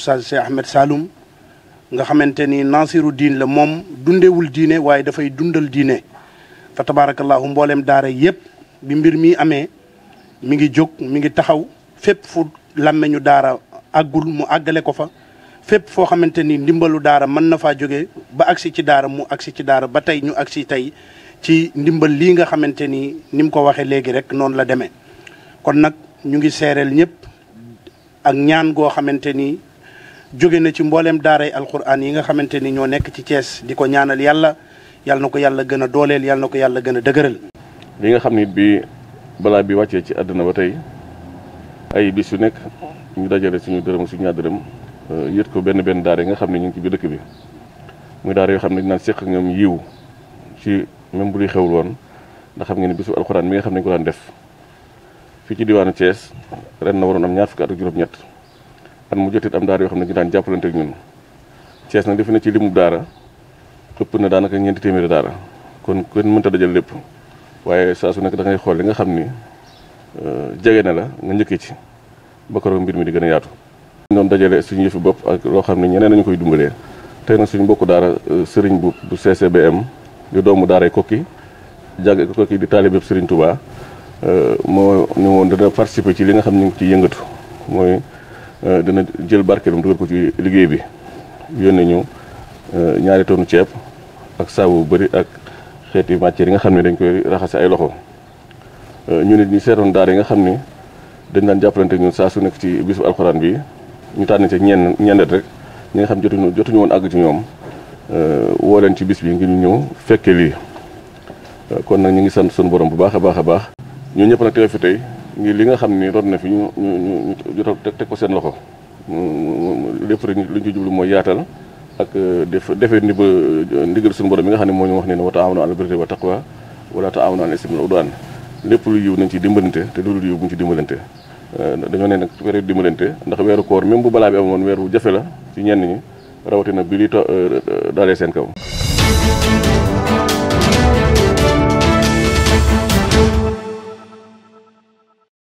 oustaz Cheikh Ahmed Saloum nga xamante ni Nasiru diin la moom dundewul diine waaye dafay dundal diine fa tabaarakallaahu mbooleem daara yëpp bi mbir mi amee mi ngi jóg mi ngi taxaw fépp fu làmmeñu daara àggul mu àggale ko fa fépp foo xamante ni ndimbalu daara mën na faa jóge ba agsi ci daara mu agsi ci daara ba tey ñu agsi tey ci ndimbal lii nga xamante ni ni mu ko waxee léegi rek noonu la demee kon nag ñu ngi seereel ñëpp ak ñaan goo xamante nii jóge na ci mbooleem daaray alquran yi nga xamante ni ñoo nekk ci cees di ko ñaanal yàlla yàlla na ko yàlla gën a dooleel yàlla na ko yàlla gën a dëgëral. li nga xam ni bi balaa bi wàccee ci àdduna ba tey ay bis yu nekk ñu dajale suñu dërëm suñu ñaar dërëm euh, ko benn benn daara yi nga xam ne ñu ngi ci biir dëkk bi muy daara yoo xam ne dinaan seq ñoom yiw ci même bu luy xewul woon ndax xam ngeen ne bisu alxuraan mi nga xam ne ñu ko daan def fii ci diwaanu Thiès ren na waroon am ñaar fukki at ak at mu jotit am daara yoo xam ne ñu daan jàppalante ak ñun Thiès nag defe na ci limu daara ëpp na daanaka ñeenti téeméeri daara kon kenn mënta dajal lépp waaye saa su nekk da ngay xool li nga xam ni euh, jege na la nga njëkkee ci ba keroog mbir mi di gën a yaatu. noonu dajale suñu yëfi bopp ak loo xam ne ñeneen nañu koy dumbalee tey nag suñu bokk daara euh, sëriñ Boub bu CCBM di doomu daaray Kokki jàng Kokki di taalibe Serigne Touba euh, moo ñu woon dana participer ci li nga xam ne ñu ngi ciy yëngatu mooy. Euh, dana jël barkeelam dugal ko ci liggéey bi yónnee ñu euh, ñaari tonnu ceeb ak saabu bu bëri ak xeeti matière yi nga xam ne dañ koy raxase ay loxo euh, ñu nit ñi seetoon daara yi nga xam ne dañ daan jàppalante ñun saa su nekk ci bisu alxuraan bi ñu tànn ci ñenn ñennet rek ñi nga xam jotuñu jotuñu woon àgg ci ñoom woo leen ci bis bi ngi ñu ñëw fekke lii kon nag ñu ngi sant suñu borom bu baax a baax a baax ñoo ñëpp nag teew fi tey ngir li nga xam ni rod na fi ñu ñu ñu jot teg ko seen loxo lépp rek lu ñu ci jublu mooy yaatal ak euh, def defee ni ba euh, ndigal suñu borom mi nga xam ne moo ñu wax ne ne wa taawanu alal birri wa taqwa wala taawanu alal ismi wal udwan lépp lu yiw nañ ci dimbalinte te loolu yiw bu ñu ci dimbalante euh, dañoo ne nag période dimbalante ndax weeru koor même bu balaa bi amoon weer bu jafe la ci ñenn ñi rawatina bi li to daalee seen kaw